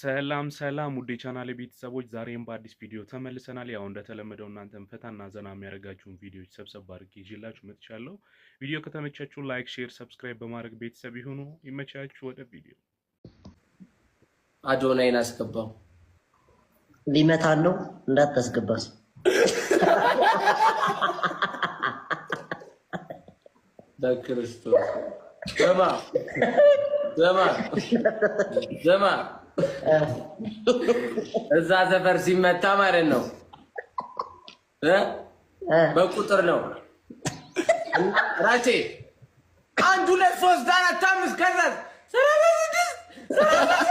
ሰላም ሰላም ውድ የቻናሌ ቤተሰቦች ዛሬም በአዲስ ቪዲዮ ተመልሰናል። ያው እንደተለመደው እናንተን ፈታና ዘና የሚያደርጋችሁን ቪዲዮዎች ሰብሰብ አድርጌ ይዤላችሁ መጥቻለሁ። ቪዲዮ ከተመቻችሁ ላይክ፣ ሼር፣ ሰብስክራይብ በማድረግ ቤተሰብ ይሁኑ። ይመቻችሁ። ወደ ቪዲዮ አዶናይን አስገባው። ሊመታ ነው እንዳታስገባስ። በክርስቶስ ዘማ ዘማ ዘማ እዛ ሰፈር ሲመታ ማለት ነው በቁጥር ነው። ራሴ አንድ ሁለት ሶስት አራት አምስት ከዛ ሰላሳ ስድስት ሰላሳ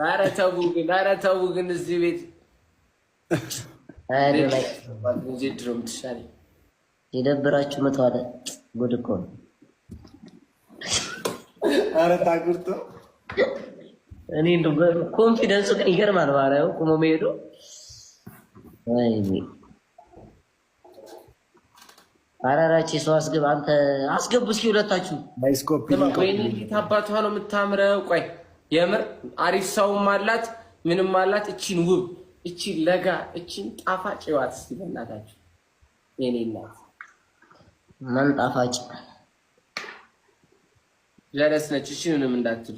ኧረ ተው ግን ኧረ ተው ግን እዚህ ቤት ድሮ የምትሻለኝ የደብራችሁ መተው አለ። ጉድ እኮ ነው። ኧረ ታጉርቶ እኔ እንደ ኮንፊደንሱ ግን ይገርማል። ባሪያው ቁሞ መሄዱ ወይኔ አራራቺ ሰው አስገብ አንተ አስገቡ እስኪ ሁለታችሁ ባይስኮፕ ታባቷ ነው የምታምረው። ቆይ የምር አሪፍ ሰውም አላት ምንም አላት። እቺን ውብ እቺን ለጋ እቺን ጣፋጭ ዋት እስኪ በእናታችሁ የኔ እናት ምን ጣፋጭ ደረስ ነች። እሺ ምንም እንዳትል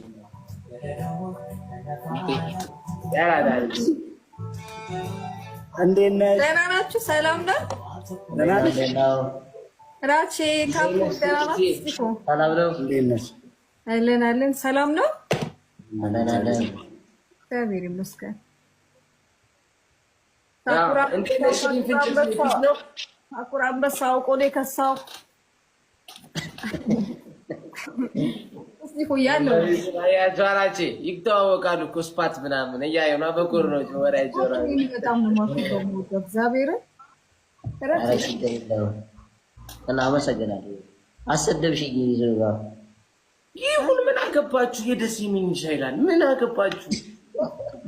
እንዴት ነህ? ደህና ናችሁ? ሰላም ነው። ራቼ ሰላም ነው። እንዴት ነሽ? አለን አለን። ሰላም ነው። እግዚአብሔር ይመስገን። አኩሪ አንበሳ አውቆ ነው የከሳው። እስቲ ያለው ያጆራቺ ይተዋወቃሉ እኮ ስፓት ምናምን እያየሁ ነው። በኩር ነው ጆራ ጆራ በጣም ነው እግዚአብሔር እና አመሰግናለሁ። አሰደብሽኝ ይዘጋ ይሁን ምን አገባችሁ? የደስ ምን ይሻላል? ምን አገባችሁ?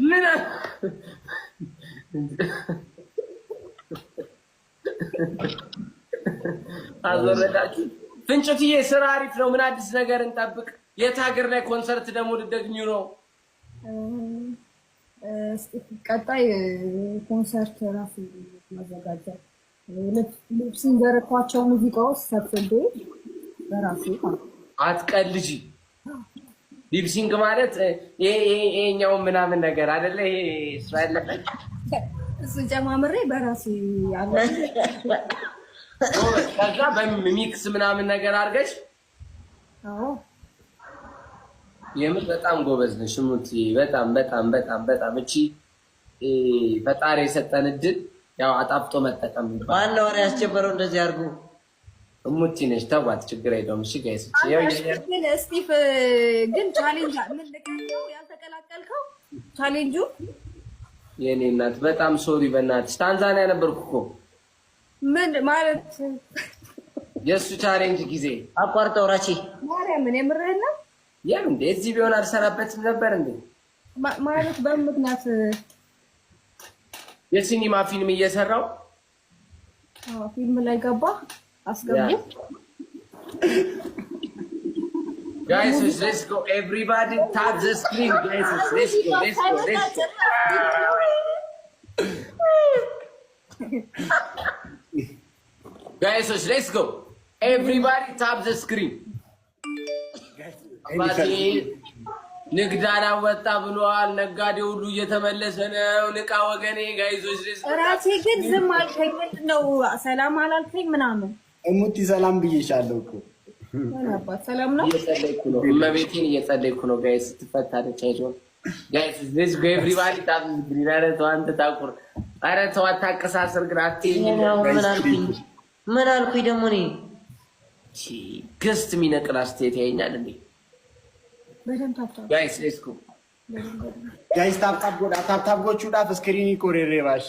ምን አልወረዳችሁ። ፍንጭትዬ ስራ አሪፍ ነው። ምን አዲስ ነገር እንጠብቅ? የት ሀገር ላይ ኮንሰርት ደግሞ ልደግኙ ነው? ቀጣይ ኮንሰርት ራሱ ማዘጋጀት ልብስን ደረኳቸው ሙዚቃዎች ሰብስቤ በራሱ አትቀልጂ። ሊፕሲንግ ማለት ይሄኛው ምናምን ነገር አይደለ? ይሄ ስራ ያለበት እሱን ጨማምሬ በራሴ ከዛ በሚክስ ምናምን ነገር አድርገሽ የምር በጣም ጎበዝ ነሽ ሙቲ። በጣም በጣም በጣም በጣም እቺ ፈጣሪ የሰጠን እድል ያው አጣፍጦ መጠቀም ይባላል። ዋና ወሬ ያስቸበረው እንደዚህ አድርጉ ሙቲ ነሽ። ተዋት፣ ችግር የለውም። እሺ ጋይስ፣ ግን እስጢፍ ግን ቻሌንጅ ምን ልቀቀው ያልተቀላቀልከው ቻሌንጁ የኔ እናት በጣም ሶሪ በእናትሽ። ታንዛኒያ ነበርኩ እኮ ምን ማለት የእሱ ቻሌንጅ ጊዜ አቋርጠው ራቼ ማርያምን የምረህና ያ እንዴ እዚህ ቢሆን አልሰራበትም ነበር እንዴ ማለት በምክንያት የሲኒማ ፊልም እየሰራው ፊልም ላይ ገባ አስገባ። ጋይስ ሌትስ ጎ ኤቭሪባዲ ታች ዘ ስክሪን ጋይስ ሌትስ ጎ ሌትስ ጎ ጋይሶች ሌትስ ጎ ኤቭሪባዲ ታፕ ዘ ስክሪን። አባቴ ንግድ አላወጣ ብሏል። ነጋዴ ሁሉ እየተመለሰ ነው። ንቃ ወገኔ። ጋይዞች ራሴ ግን ዝም አልከኝ። ምንድን ነው ሰላም አላልከኝ ምናምን። እሙቲ ሰላም ብዬሻለሁ እኮ እመቤቴን እየጸለይኩ ነው። ጋይስ ትፈታለች። አይዞህ ጋይስ። ኤቭሪባዲ ታፕ ዘ ስክሪን። ኧረ ተው አንተ ታውቁር ኧረ ተው አታቀሳስር። ግን ምን አልኩኝ ደግሞ እኔ ግስት የሚነቅል አስተያየት ያኛል እንዴ? ጋይስ ሌስኩ ጋይስ ታብታብ ጎዳ ታብታብ ጎቹ ዳፍ ስክሪን ኮሬሬ ባሽ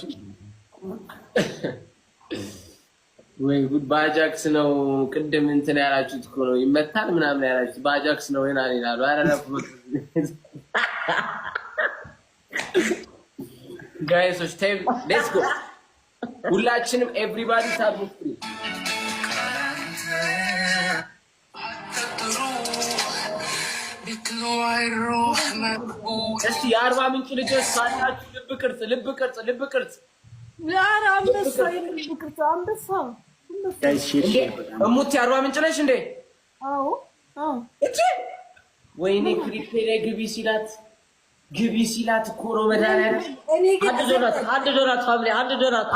ወይ ጉድ! ባጃክስ ነው ቅድም እንትን ያላችሁት እኮ ነው ይመታል ምናምን ያላችሁት ባጃክስ ነው ወይና ይላሉ። ነው። ጋይሶች ታይም ሌትስ ጎ ሁላችንም ኤቭሪባዲ ታብ ፍሪ እስቲ የአርባ ምንጭ ልጆች ካላችሁ ልብ ቅርጽ ልብ ቅርጽ ልብ ቅርጽ እሙት የአርባ ምንጭ ነሽ እንዴ? ወይኔ ክሪፔ ላይ ግቢ ሲላት ግቢ ሲላት እኮ ነው መድኃኒዓለም። አንድ ዶናት አንድ ዶናት ፋሚሊ አንድ ዶናት።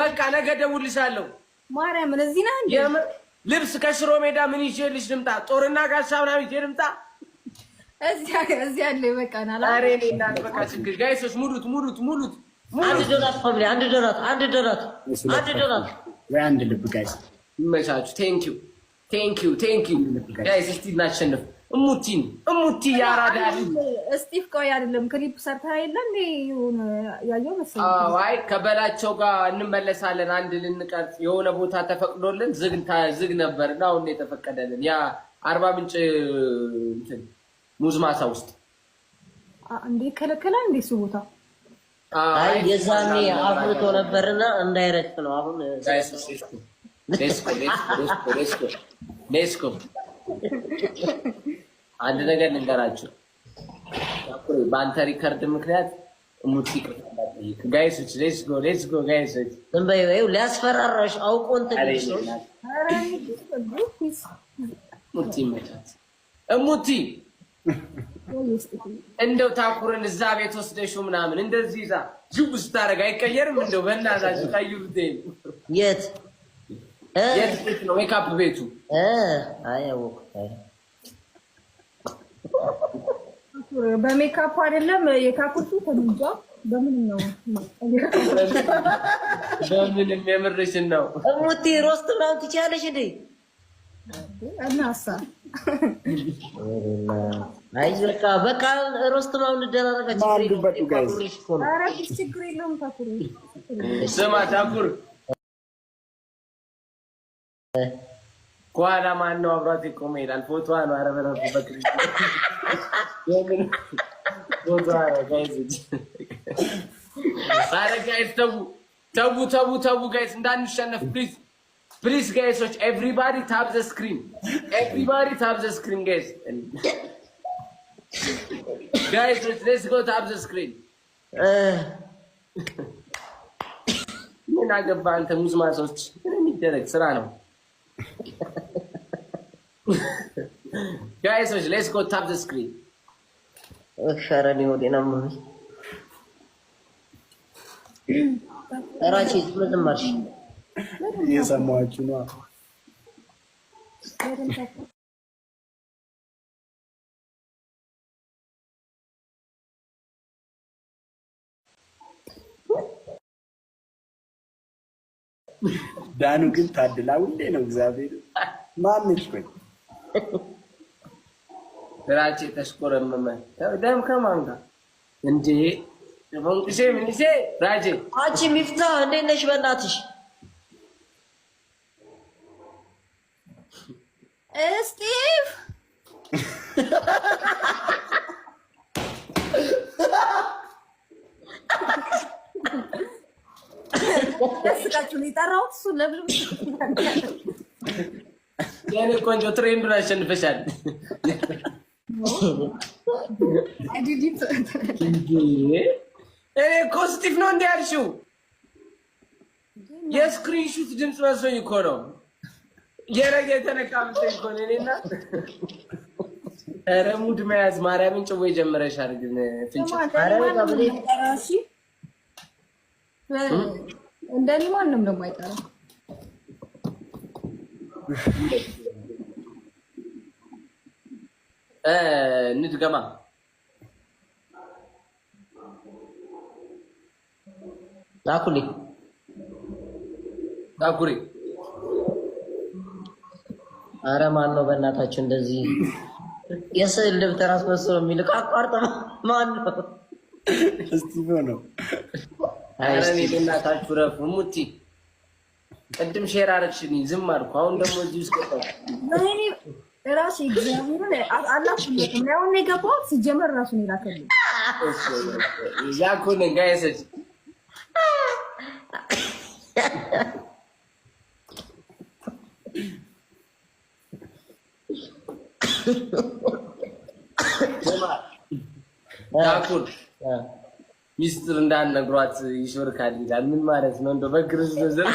በቃ ነገ እደውልልሻለሁ። ማርያምን እዚህ ነህ እንደ ልብስ ከሽሮ ሜዳ ምን ይዤልሽ ልምጣ? ጦርና ጋሻ ምናምን ይዤ ልምጣ? በቃ ጋይሶች፣ ሙሉት ሙሉት ሙሉት። አንድ ዶናት አንድ ዶናት አንድ ዶናት አንድ ወይ አንድ ልብ ጋይስ። ይመቻችሁ። ቴንኪው ቴንኪዩ ቴንኪዩ ጋይስ እስቲ እናሸንፍ። እሙቲን እሙቲ ያራዳ እስጢፍ ቆይ፣ አይደለም ክሊፕ ሰርታ የለም ያየው መሰለኝ። አይ ከበላቸው ጋር እንመለሳለን። አንድ ልንቀርጽ የሆነ ቦታ ተፈቅዶልን ዝግ ነበር እና አሁን የተፈቀደልን ያ አርባ ምንጭ እንትን ሙዝ ማሳ ውስጥ እንዴ ከለከላል እንዴ እሱ ቦታ። አይ የዛኔ አፍርቶ ነበርና እንዳይረክ ነው አሁን ሌስኩም አንድ ነገር ልንገራችሁ። በአንተ ሪከርድ ምክንያት ሙት ጋይሶች፣ ሌስ ጎ ሌስ ጎ ጋይሶች፣ ንበይ ሊያስፈራራሽ አውቆን ሙቲ መቻት ሙቲ እንደው ታኩርን እዛ ቤት ወስደሽው ምናምን እንደዚህ ዛ ጅቡ ስታደርግ አይቀየርም። እንደው በእናታችሁ ታዩ የት የት ቤቱ? በሜካፕ አይደለም የካኩቱ ከሚጃ በምንም ነው በምንም የምርሽን ነው። እሙቲ ሮስት ምናምን ትችያለሽ እንዴ? እናሳ በቃ ሮስት ምናምን እንደራረጋችሁ። ችግር የለውም ስማ ታኩር ከኋላ ማነው አብሯት ቆመ ይላል። ፎቶ ነው አረበረቡበት ኧረ ጋይስ ተው ተው ተው ተው ጋይስ እንዳንሸነፍ ፕሊዝ ፕሊዝ ጋይሶች ኤቭሪባዲ ታብ ዘ ስክሪን ኤቭሪባዲ ታብ ዘ ስክሪን ጋይስ ጋይሶች ሌትስ ጎ ታብ ዘ ስክሪን ምን አገባ አንተ ሙዝማሶች ምን የሚደረግ ስራ ነው። guys, let's go tap the screen. ሸረኔ ወዴና ምሪ ራቺ ዝም ማርሽ እየሰማችሁ ነው። ዳኑ ግን ታድላ ሁሌ ነው። እግዚአብሔር ማንች ቆይ ግራጭ ተሽቆረመመ ደም ከማን ጋር እንዴ? መንቁሴ ምንሴ ራጄ አንቺ ሚፍታ እንዴት ነሽ? በእናትሽ እስቲቭ ስቃችሁን የጠራሁት እሱ ለብዙ ያኔ ቆንጆ ትሬንዱን አሸንፈሻል። እኔ እኮ ስጢፍ ነው እንዲ የስክሪን ሹት ድምፅ መስሎኝ እኮ ነው የረገ የተነካ ምስል እኮ ነው። እኔና ኧረ ሙድ መያዝ ማርያምን ጭቦ የጀመረሻል ግን ፍንጭ እንደኔ ማንም ደግሞ አይጠራም። ንድገማ ጣኩሌ ጣኩሬ አረ ማን ነው በእናታችሁ እንደዚህ የስዕል ደብተር አስመስሎ የሚልቅ አቋርጠ ማን ነው። አረኔ ልናታችሁ ረፉ። ሙቲ ቅድም ሼር አረግሽኝ ዝም አልኩ። አሁን ደግሞ እዚህ ውስጥ ገባ ራሱ እግዚአብሔርን አላችሁለትም። አሁን የገባሁት ሲጀመር ራሱ ነው የላከልኝ። ዛኮነ ጋይሰች ዛኩን ሚስጥር እንዳነግሯት ይሾርካል ይላል። ምን ማለት ነው? እንደ በክርስቶስ ዘር